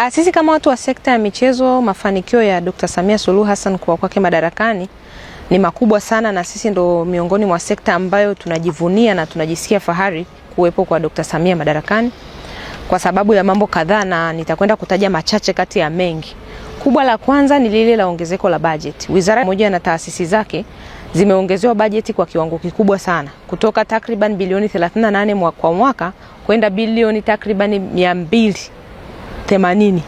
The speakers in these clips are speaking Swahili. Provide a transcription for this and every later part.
Ah, sisi kama watu wa sekta ya michezo, mafanikio ya Dkt. Samia Suluhu Hassan kwa kwake madarakani ni makubwa sana, na sisi ndo miongoni mwa sekta ambayo tunajivunia na tunajisikia fahari kuwepo kwa Dkt. Samia madarakani kwa sababu ya mambo kadhaa, na nitakwenda kutaja machache kati ya mengi. Kubwa la kwanza ni lile la ongezeko la bajeti. Wizara moja na taasisi zake zimeongezewa bajeti kwa kiwango kikubwa sana kutoka takriban bilioni 38 kwa mwaka kwenda bilioni takriban 200 themanini.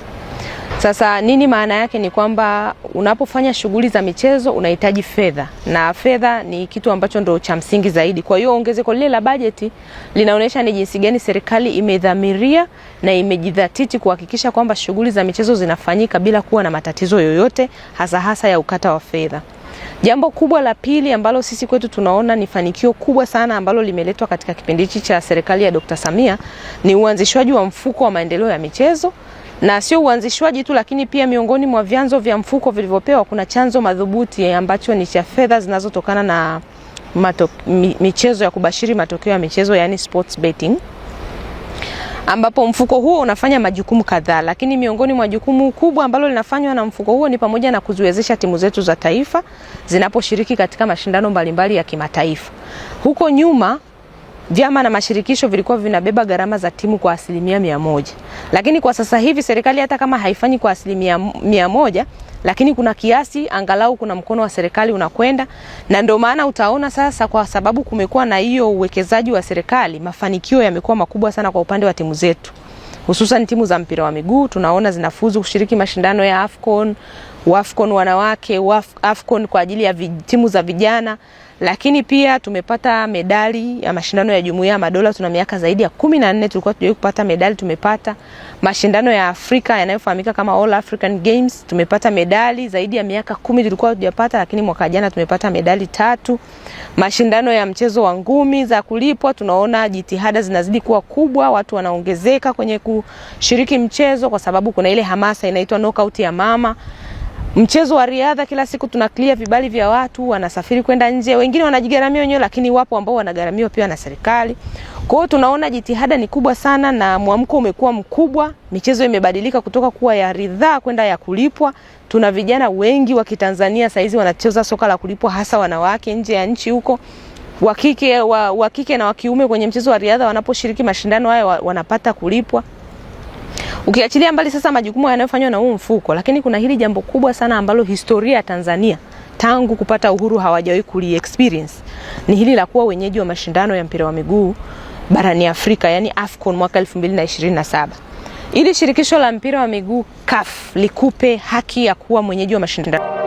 Sasa nini maana yake? Ni kwamba unapofanya shughuli za michezo unahitaji fedha, na fedha ni kitu ambacho ndo cha msingi zaidi. Kwa hiyo ongezeko lile la bajeti linaonyesha ni jinsi gani serikali imedhamiria na imejidhatiti kuhakikisha kwamba shughuli za michezo zinafanyika bila kuwa na matatizo yoyote, hasa hasa ya ukata wa fedha. Jambo kubwa la pili ambalo sisi kwetu tunaona ni fanikio kubwa sana ambalo limeletwa katika kipindi hichi cha serikali ya Dr. Samia ni uanzishwaji wa mfuko wa maendeleo ya michezo na sio uanzishwaji tu, lakini pia miongoni mwa vyanzo vya mfuko vilivyopewa kuna chanzo madhubuti ambacho ni cha fedha zinazotokana na mato, michezo ya kubashiri matokeo ya michezo, yani sports betting ambapo mfuko huo unafanya majukumu kadhaa, lakini miongoni mwa jukumu kubwa ambalo linafanywa na mfuko huo ni pamoja na kuziwezesha timu zetu za taifa zinaposhiriki katika mashindano mbalimbali ya kimataifa. Huko nyuma vyama na mashirikisho vilikuwa vinabeba gharama za timu kwa asilimia mia moja, lakini kwa sasa hivi serikali hata kama haifanyi kwa asilimia mia moja, lakini kuna kiasi angalau, kuna mkono wa serikali unakwenda, na ndio maana utaona sasa, kwa sababu kumekuwa na hiyo uwekezaji wa serikali, mafanikio yamekuwa makubwa sana kwa upande wa timu zetu, hususan timu za mpira wa miguu, tunaona zinafuzu kushiriki mashindano ya AFCON Wafcon wanawake, Waf, Afcon kwa ajili ya timu za vijana, lakini pia tumepata medali ya mashindano ya Jumuiya ya Madola. Tuna miaka zaidi ya kumi na nne tulikuwa tujawahi kupata medali, tumepata mashindano ya Afrika yanayofahamika kama All African Games, tumepata medali zaidi ya miaka kumi tulikuwa tujapata, lakini mwaka jana tumepata medali tatu. Mashindano ya mchezo wa ngumi za kulipwa, tunaona jitihada zinazidi kuwa kubwa, watu wanaongezeka kwenye kushiriki mchezo, kwa sababu kuna ile hamasa inaitwa knockout ya mama Mchezo wa riadha kila siku tuna clear vibali vya watu, wanasafiri kwenda nje, wengine wanajigaramia wenyewe, lakini wapo ambao wanagharamiwa pia na serikali. Kwa hiyo tunaona jitihada ni kubwa sana na mwamko umekuwa mkubwa. Michezo imebadilika kutoka kuwa ya ridhaa kwenda ya kulipwa. Tuna vijana wengi wa Kitanzania saizi wanacheza soka la kulipwa, hasa wanawake nje ya nchi huko wakike wa, wakike na wakiume kwenye mchezo wa riadha, wanaposhiriki mashindano hayo wanapata kulipwa. Ukiachilia mbali sasa majukumu yanayofanywa na huu mfuko, lakini kuna hili jambo kubwa sana ambalo historia ya Tanzania tangu kupata uhuru hawajawahi kuli experience ni hili la kuwa wenyeji wa mashindano ya mpira wa miguu barani Afrika, yani AFCON mwaka 2027 ili shirikisho la mpira wa miguu CAF likupe haki ya kuwa mwenyeji wa mashindano